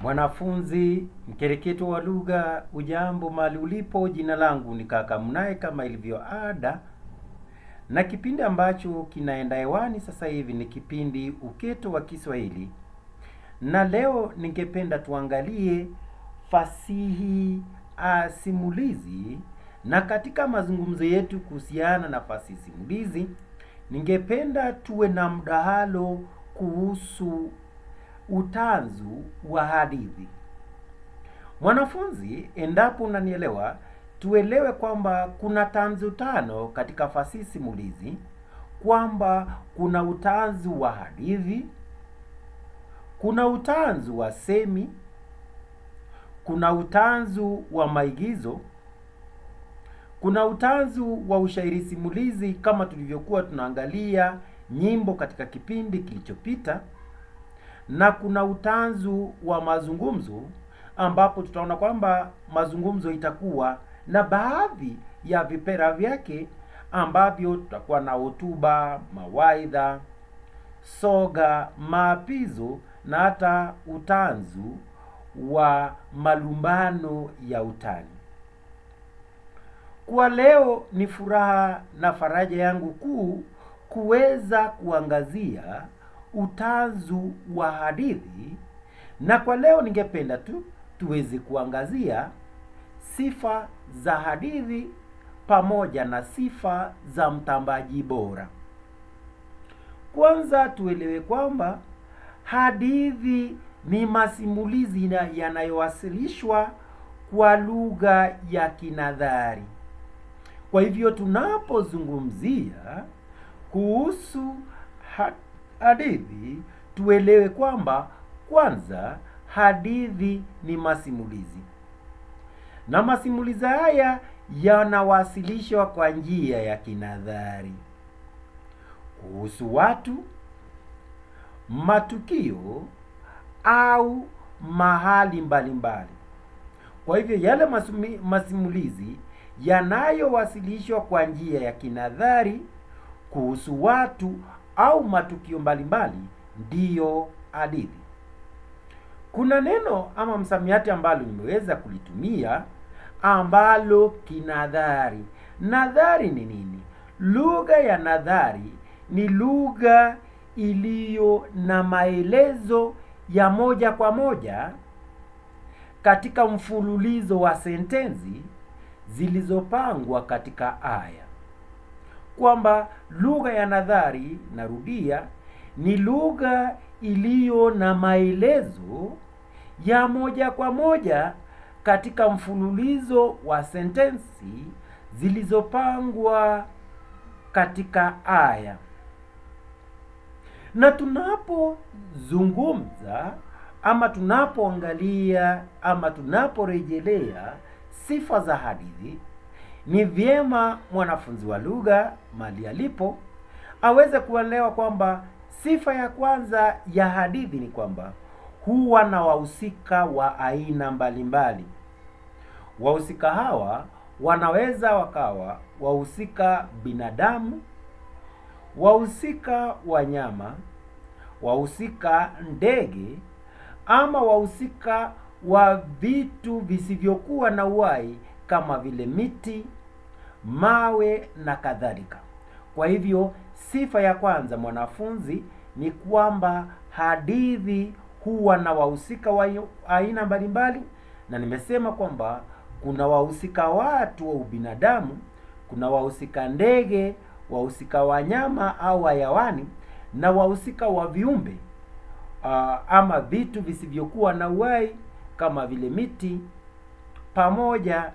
Mwanafunzi mkereketo wa lugha, ujambo mali ulipo. Jina langu ni kaka Mnae kama ilivyo ada, na kipindi ambacho kinaenda hewani sasa hivi ni kipindi Uketo wa Kiswahili, na leo ningependa tuangalie fasihi a simulizi. Na katika mazungumzo yetu kuhusiana na fasihi simulizi, ningependa tuwe na mdahalo kuhusu utanzu wa hadithi. Mwanafunzi, endapo unanielewa, tuelewe kwamba kuna tanzu tano katika fasihi simulizi, kwamba kuna utanzu wa hadithi, kuna utanzu wa semi, kuna utanzu wa maigizo, kuna utanzu wa ushairi simulizi kama tulivyokuwa tunaangalia nyimbo katika kipindi kilichopita na kuna utanzu wa mazungumzo ambapo tutaona kwamba mazungumzo itakuwa na baadhi ya vipera vyake ambavyo tutakuwa na hotuba, mawaidha, soga, maapizo na hata utanzu wa malumbano ya utani. Kwa leo ni furaha na faraja yangu kuu kuweza kuangazia utazu wa hadithi, na kwa leo ningependa tu tuweze kuangazia sifa za hadithi pamoja na sifa za mtambaji bora. Kwanza tuelewe kwamba hadithi ni masimulizi yanayowasilishwa kwa lugha ya kinadhari. Kwa hivyo tunapozungumzia kuhusu hadithi, tuelewe kwamba kwanza, hadithi ni masimulizi na masimulizi haya yanawasilishwa kwa njia ya kinadhari kuhusu watu, matukio au mahali mbalimbali mbali. Kwa hivyo yale masumi, masimulizi yanayowasilishwa kwa njia ya kinadhari kuhusu watu au matukio mbalimbali ndiyo hadithi. Kuna neno ama msamiati ambalo nimeweza kulitumia ambalo kinadhari. Nadhari ni nini? Lugha ya nadhari ni lugha iliyo na maelezo ya moja kwa moja katika mfululizo wa sentensi zilizopangwa katika aya kwamba lugha ya nadhari, narudia, ni lugha iliyo na maelezo ya moja kwa moja katika mfululizo wa sentensi zilizopangwa katika aya. Na tunapozungumza ama tunapoangalia ama tunaporejelea sifa za hadithi ni vyema mwanafunzi wa lugha mali alipo aweze kuelewa kwamba sifa ya kwanza ya hadithi ni kwamba huwa na wahusika wa aina mbalimbali. Wahusika hawa wanaweza wakawa wahusika binadamu, wahusika wanyama, wahusika ndege ama wahusika wa vitu visivyokuwa na uhai kama vile miti mawe na kadhalika. Kwa hivyo sifa ya kwanza mwanafunzi ni kwamba hadithi huwa na wahusika wa aina mbalimbali, na nimesema kwamba kuna wahusika watu wa ubinadamu, kuna wahusika ndege, wahusika wanyama au hayawani na wahusika wa viumbe uh, ama vitu visivyokuwa na uhai kama vile miti pamoja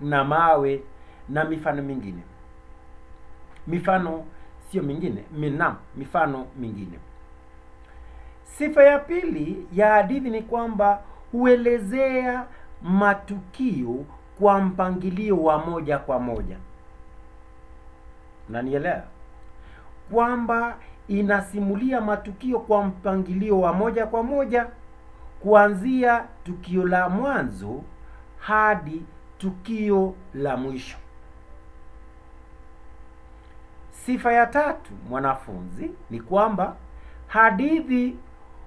na mawe na mifano mingine, mifano sio mingine mina, mifano mingine. Sifa ya pili ya hadithi ni kwamba huelezea matukio kwa mpangilio wa moja kwa moja. Nanielewa kwamba inasimulia matukio kwa mpangilio wa moja kwa moja kuanzia tukio la mwanzo hadi tukio la mwisho. Sifa ya tatu, mwanafunzi, ni kwamba hadithi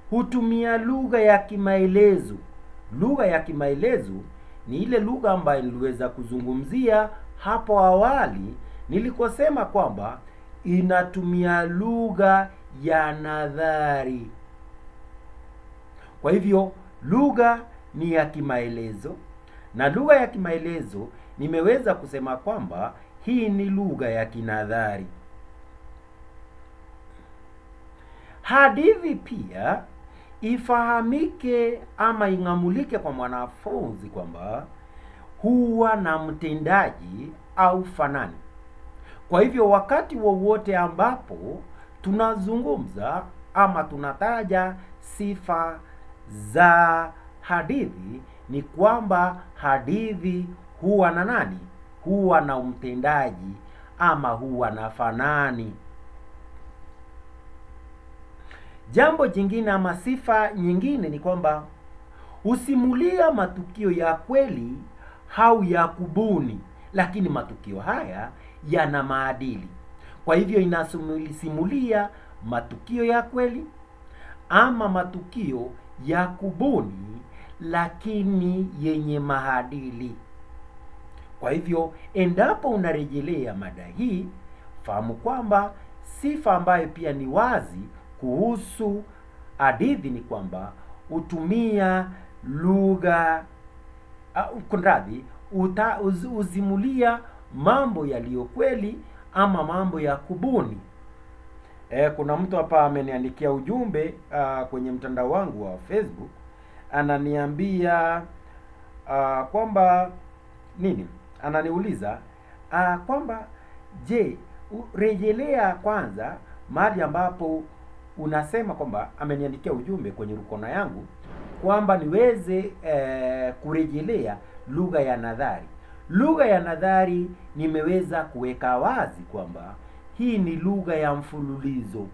hutumia lugha ya kimaelezo. Lugha ya kimaelezo ni ile lugha ambayo niliweza kuzungumzia hapo awali nilikosema kwamba inatumia lugha ya nadhari. Kwa hivyo lugha ni ya kimaelezo, na lugha ya kimaelezo nimeweza kusema kwamba hii ni lugha ya kinadhari. Hadithi pia ifahamike ama ing'amulike kwa mwanafunzi kwamba huwa na mtendaji au fanani. Kwa hivyo wakati wowote ambapo tunazungumza ama tunataja sifa za hadithi ni kwamba hadithi huwa na nani? Huwa na mtendaji ama huwa na fanani. Jambo jingine ama sifa nyingine ni kwamba husimulia matukio ya kweli au ya kubuni, lakini matukio haya yana maadili. Kwa hivyo inasimulia matukio ya kweli ama matukio ya kubuni, lakini yenye maadili. Kwa hivyo endapo unarejelea mada hii, fahamu kwamba sifa ambayo pia ni wazi kuhusu hadithi ni kwamba hutumia lugha uh, kunradhi, huzimulia uz, mambo yaliyo kweli ama mambo ya kubuni. E, kuna mtu hapa ameniandikia ujumbe uh, kwenye mtandao wangu wa Facebook ananiambia uh, kwamba nini, ananiuliza uh, kwamba je, rejelea kwanza mahali ambapo unasema kwamba ameniandikia ujumbe kwenye rukona yangu kwamba niweze eh, kurejelea lugha ya nadhari. Lugha ya nadhari nimeweza kuweka wazi kwamba hii ni lugha ya mfululizo,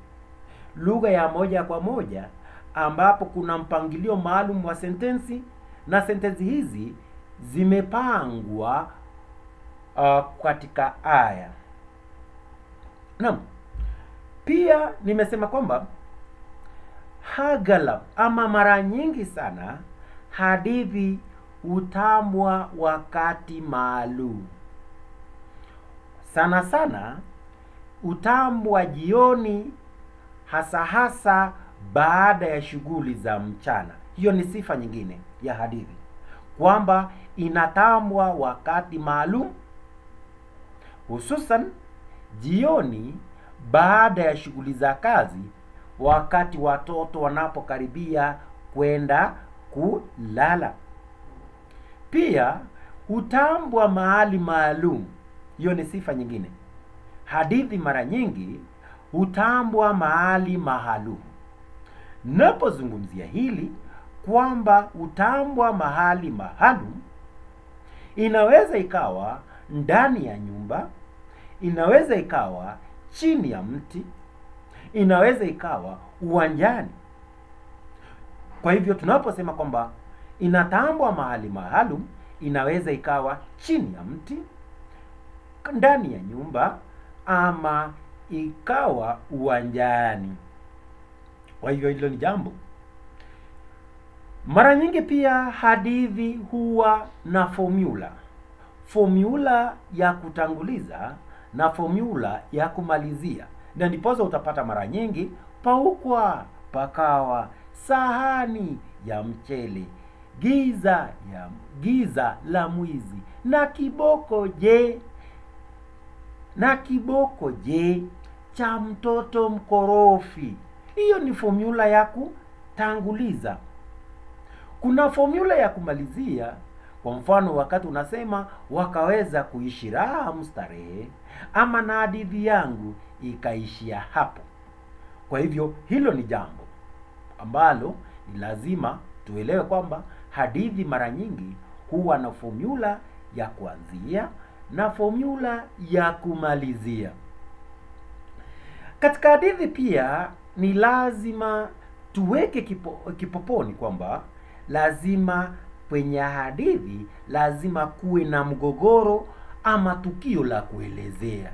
lugha ya moja kwa moja, ambapo kuna mpangilio maalum wa sentensi na sentensi hizi zimepangwa uh, katika aya. Naam. Pia nimesema kwamba hagala ama mara nyingi sana hadithi hutambwa wakati maalum. Sana sana hutambwa jioni, hasa hasa baada ya shughuli za mchana. Hiyo ni sifa nyingine ya hadithi kwamba inatambwa wakati maalum, hususan jioni baada ya shughuli za kazi, wakati watoto wanapokaribia kwenda kulala. Pia hutambwa mahali maalum. Hiyo ni sifa nyingine. Hadithi mara nyingi hutambwa mahali maalum. Napozungumzia hili kwamba hutambwa mahali maalum, inaweza ikawa ndani ya nyumba, inaweza ikawa chini ya mti, inaweza ikawa uwanjani. Kwa hivyo tunaposema kwamba inatambwa mahali maalum, inaweza ikawa chini ya mti, ndani ya nyumba, ama ikawa uwanjani. Kwa hivyo hilo ni jambo. Mara nyingi pia hadithi huwa na formula, formula ya kutanguliza na fomula ya kumalizia, na ndipoza utapata mara nyingi paukwa pakawa, sahani ya mchele, giza ya giza la mwizi, na kiboko je, na kiboko je cha mtoto mkorofi. Hiyo ni fomula ya kutanguliza. Kuna fomula ya kumalizia. Kwa mfano, wakati unasema wakaweza kuishi raha mstarehe ama na hadithi yangu ikaishia hapo. Kwa hivyo hilo ni jambo ambalo ni lazima tuelewe kwamba hadithi mara nyingi huwa na fomula ya kuanzia na fomula ya kumalizia. Katika hadithi pia ni lazima tuweke kipo, kipoponi kwamba lazima kwenye hadithi lazima kuwe na mgogoro ama tukio la kuelezea.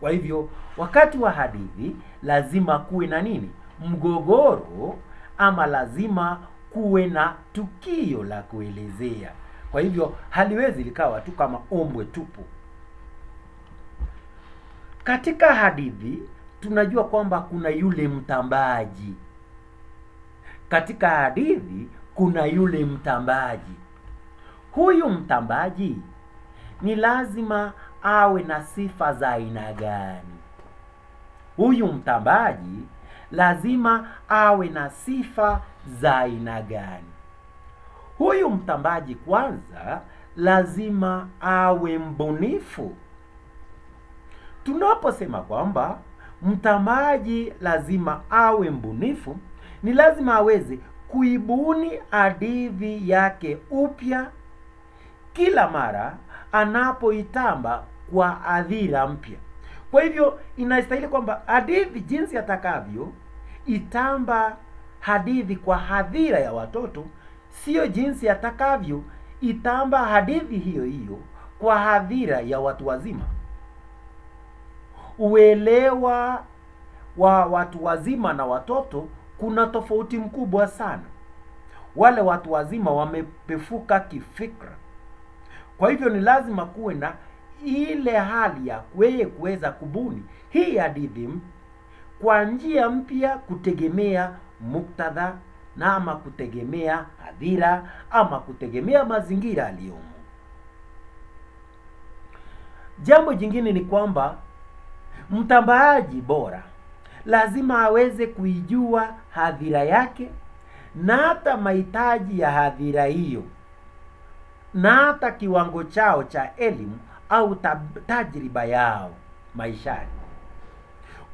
Kwa hivyo wakati wa hadithi lazima kuwe na nini? Mgogoro ama lazima kuwe na tukio la kuelezea. Kwa hivyo haliwezi likawa tu kama ombwe tupu. Katika hadithi tunajua kwamba kuna yule mtambaji. Katika hadithi kuna yule mtambaji. Huyu mtambaji ni lazima awe na sifa za aina gani? Huyu mtambaji lazima awe na sifa za aina gani? Huyu mtambaji kwanza lazima awe mbunifu. Tunaposema kwamba mtambaji lazima awe mbunifu, ni lazima aweze kuibuni hadithi yake upya kila mara anapoitamba kwa adhira mpya. Kwa hivyo inastahili kwamba hadithi jinsi atakavyo itamba hadithi kwa hadhira ya watoto, sio jinsi atakavyo itamba hadithi hiyo hiyo kwa hadhira ya watu wazima. Uelewa wa watu wazima na watoto kuna tofauti mkubwa sana. Wale watu wazima wamepefuka kifikra, kwa hivyo ni lazima kuwe na ile hali ya kweye kuweza kubuni hii hadithi kwa njia mpya, kutegemea muktadha na ama kutegemea hadhira ama kutegemea mazingira aliyomo. Jambo jingine ni kwamba mtambaaji bora lazima aweze kuijua hadhira yake na hata mahitaji ya hadhira hiyo na hata kiwango chao cha elimu au tajriba yao maishani.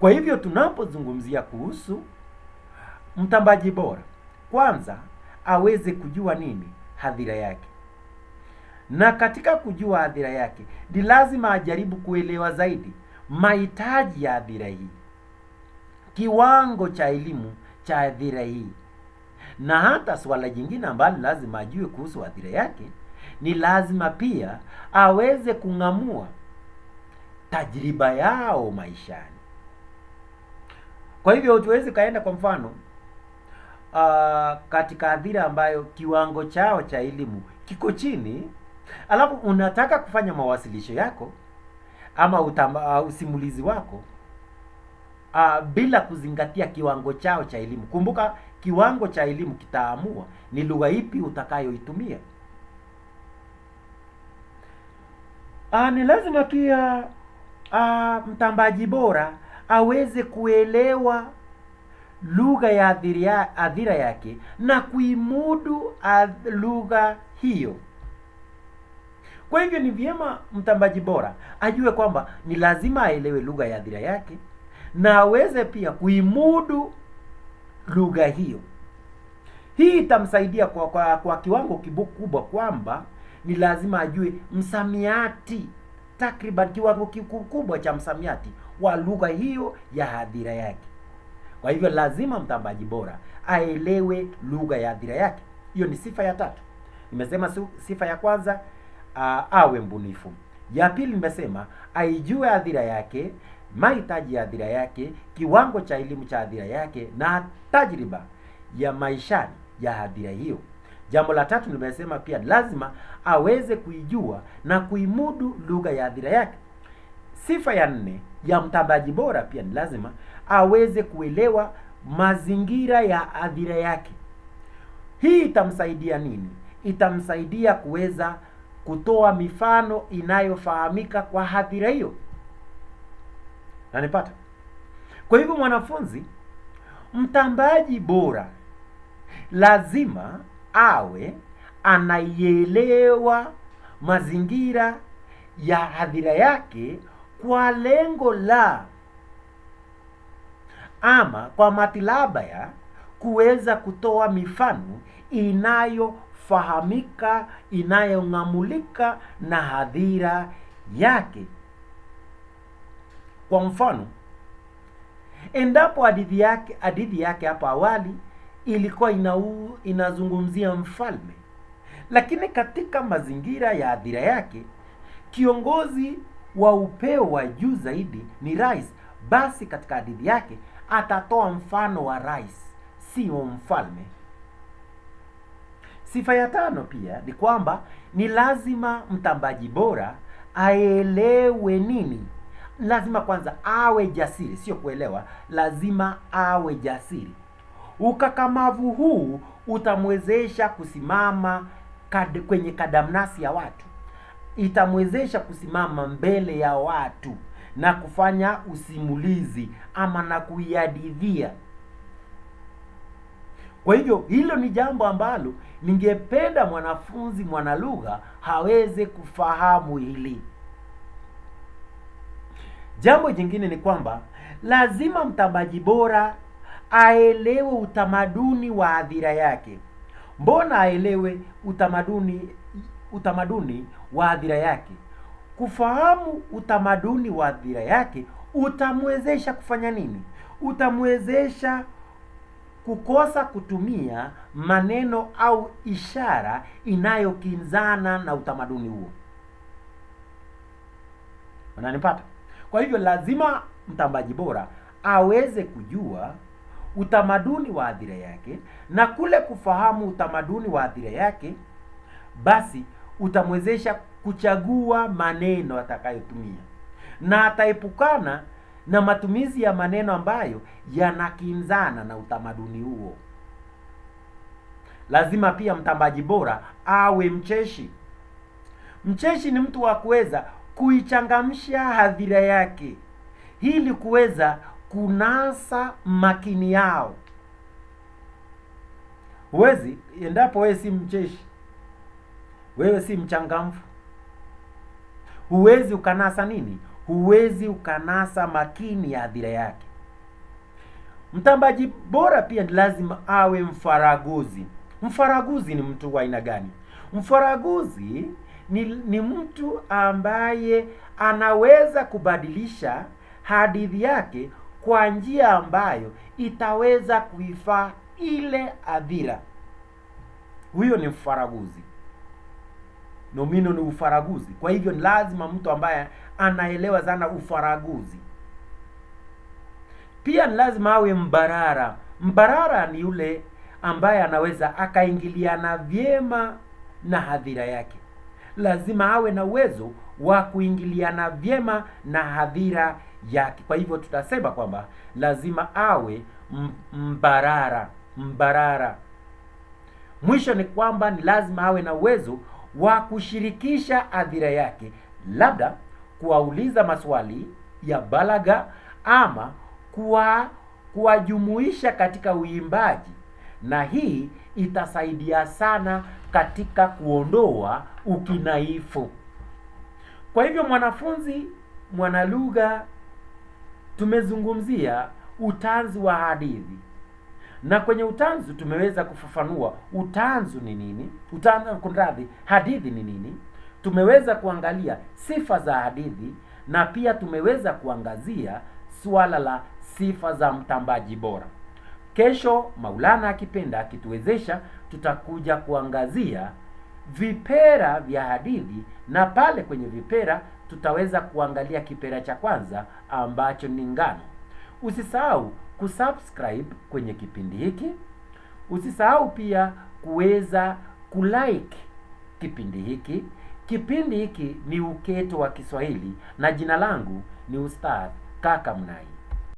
Kwa hivyo tunapozungumzia kuhusu mtambaji bora, kwanza aweze kujua nini hadhira yake, na katika kujua hadhira yake ni lazima ajaribu kuelewa zaidi mahitaji ya hadhira hii, kiwango cha elimu cha hadhira hii, na hata suala jingine ambalo lazima ajue kuhusu hadhira yake ni lazima pia aweze kung'amua tajriba yao maishani. Kwa hivyo tuwezi kaenda kwa mfano uh, katika hadhira ambayo kiwango chao cha elimu kiko chini, alafu unataka kufanya mawasilisho yako ama utamba, uh, usimulizi wako uh, bila kuzingatia kiwango chao cha elimu. Kumbuka kiwango cha elimu kitaamua ni lugha ipi utakayoitumia. a, ah, ni lazima pia a, ah, mtambaji bora aweze kuelewa lugha ya adhira yake na kuimudu lugha hiyo. Kwa hivyo ni vyema mtambaji bora ajue kwamba ni lazima aelewe lugha ya adhira yake na aweze pia kuimudu lugha hiyo. Hii itamsaidia kwa, kwa, kwa kiwango kikubwa kwamba ni lazima ajue msamiati, takriban kiwango kikubwa cha msamiati wa lugha hiyo ya hadhira yake. Kwa hivyo lazima mtambaji bora aelewe lugha ya hadhira yake. Hiyo ni sifa ya tatu. Nimesema sifa ya kwanza a, awe mbunifu. Ya pili nimesema aijue hadhira yake, mahitaji ya hadhira yake, kiwango cha elimu cha hadhira yake na tajriba ya maishani ya hadhira hiyo. Jambo la tatu nimesema pia lazima aweze kuijua na kuimudu lugha ya adhira yake. Sifa ya nne ya mtambaji bora pia ni lazima aweze kuelewa mazingira ya adhira yake. Hii itamsaidia nini? Itamsaidia kuweza kutoa mifano inayofahamika kwa hadhira hiyo. Nanipata? Kwa hivyo mwanafunzi mtambaji bora lazima awe anaielewa mazingira ya hadhira yake kwa lengo la ama kwa matilaba ya kuweza kutoa mifano inayofahamika, inayong'amulika na hadhira yake. Kwa mfano, endapo hadithi yake hadithi yake hapo awali ilikuwa inau, inazungumzia mfalme, lakini katika mazingira ya adhira yake kiongozi wa upeo wa juu zaidi ni rais. Basi katika hadithi yake atatoa mfano wa rais, sio mfalme. Sifa ya tano pia ni kwamba ni lazima mtambaji bora aelewe nini. Lazima kwanza awe jasiri, sio kuelewa, lazima awe jasiri. Ukakamavu huu utamwezesha kusimama kad, kwenye kadamnasi ya watu, itamwezesha kusimama mbele ya watu na kufanya usimulizi ama na kuiadidhia. Kwa hivyo hilo ni jambo ambalo ningependa mwanafunzi mwanalugha haweze kufahamu hili. Jambo jingine ni kwamba lazima mtabaji bora aelewe utamaduni wa adhira yake. Mbona aelewe utamaduni utamaduni wa adhira yake? Kufahamu utamaduni wa adhira yake utamwezesha kufanya nini? Utamwezesha kukosa kutumia maneno au ishara inayokinzana na utamaduni huo. Unanipata? Kwa hivyo lazima mtambaji bora aweze kujua utamaduni wa adhira yake, na kule kufahamu utamaduni wa adhira yake, basi utamwezesha kuchagua maneno atakayotumia na ataepukana na matumizi ya maneno ambayo yanakinzana na utamaduni huo. Lazima pia mtambaji bora awe mcheshi. Mcheshi ni mtu wa kuweza kuichangamsha hadhira yake ili kuweza kunasa makini yao. Huwezi endapo wewe si mcheshi, wewe si mchangamfu, huwezi ukanasa nini? Huwezi ukanasa makini ya hadhira yake. Mtambaji bora pia lazima awe mfaraguzi. Mfaraguzi ni mtu wa aina gani? Mfaraguzi ni, ni mtu ambaye anaweza kubadilisha hadithi yake kwa njia ambayo itaweza kuifaa ile adhira. Huyo ni mfaraguzi, nomino ni ufaraguzi. Kwa hivyo ni lazima mtu ambaye anaelewa sana ufaraguzi. Pia ni lazima awe mbarara. Mbarara ni yule ambaye anaweza akaingiliana vyema na hadhira yake. Lazima awe na uwezo wa kuingiliana vyema na hadhira yake. Kwa hivyo tutasema kwamba lazima awe mbarara, mbarara. Mwisho ni kwamba ni lazima awe na uwezo wa kushirikisha hadhira yake, labda kuwauliza maswali ya balagha ama kuwa kuwajumuisha katika uimbaji, na hii itasaidia sana katika kuondoa ukinaifu. Kwa hivyo mwanafunzi mwanalugha tumezungumzia utanzu wa hadithi, na kwenye utanzu tumeweza kufafanua utanzu ni nini, utanzu kunradhi, hadithi ni nini. Tumeweza kuangalia sifa za hadithi na pia tumeweza kuangazia suala la sifa za mtambaji bora. Kesho Maulana akipenda akituwezesha, tutakuja kuangazia vipera vya hadithi na pale kwenye vipera tutaweza kuangalia kipera cha kwanza ambacho ni ngano. Usisahau kusubscribe kwenye kipindi hiki. Usisahau pia kuweza kulike kipindi hiki. Kipindi hiki ni Uketo wa Kiswahili na jina langu ni Ustadh Kaka Mnai.